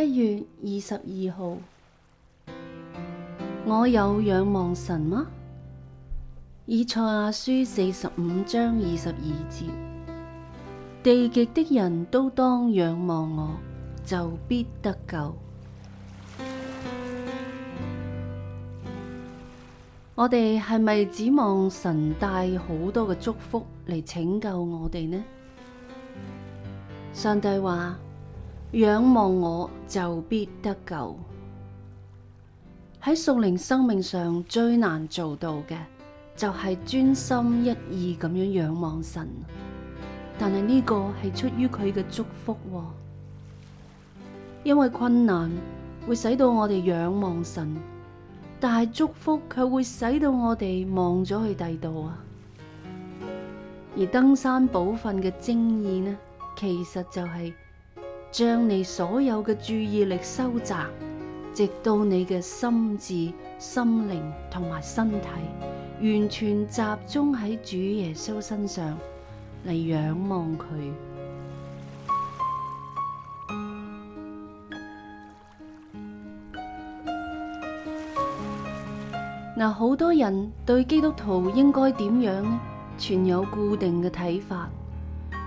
一月二十二號，我有仰望神嗎？以賽亞書四十五章二十二節，地極的人都當仰望我，就必得救。我哋係咪指望神帶好多嘅祝福嚟拯救我哋呢？上帝話。仰望我就必得救。喺屬靈生命上最難做到嘅，就係專心一意咁樣仰望神。但係呢個係出於佢嘅祝福，因為困難會使到我哋仰望神，但係祝福卻會使到我哋望咗去第度啊。而登山寶訓嘅精意呢，其實就係、是。將你所有嘅注意力收窄，直到你嘅心智、心靈同埋身體完全集中喺主耶穌身上嚟仰望佢。嗱，好 多人對基督徒應該點樣呢？存有固定嘅睇法，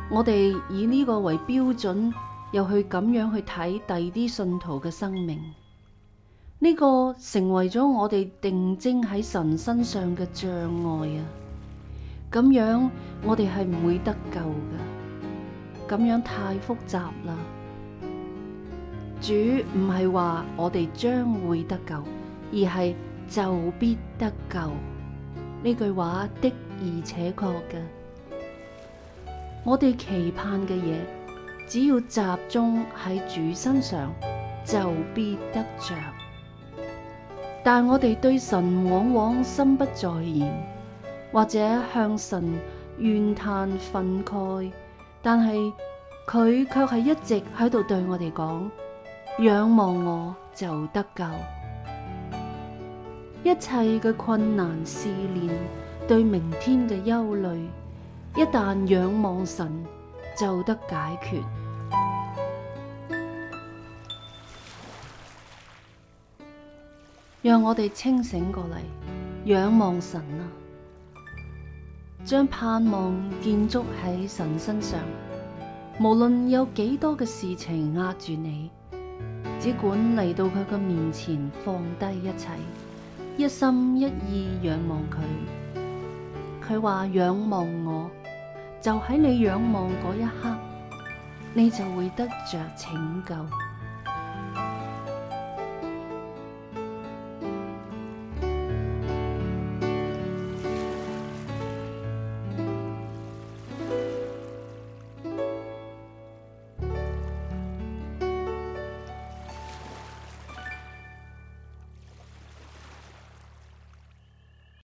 我哋以呢個為標準。又去咁樣去睇第啲信徒嘅生命，呢個成為咗我哋定睛喺神身上嘅障礙啊！咁樣我哋係唔會得救噶，咁樣太複雜啦。主唔係話我哋將會得救，而係就必得救。呢句話的而且確嘅，我哋期盼嘅嘢。只要集中喺主身上，就必得着。但我哋對神往往心不在焉，或者向神怨嘆憤慨。但係佢卻係一直喺度對我哋講：仰望我就得救。一切嘅困難試煉、對明天嘅憂慮，一旦仰望神，就得解決。讓我哋清醒過嚟，仰望神啊，將盼望建築喺神身上。無論有幾多嘅事情壓住你，只管嚟到佢嘅面前，放低一切，一心一意仰望佢。佢話仰望我，就喺你仰望嗰一刻，你就會得着拯救。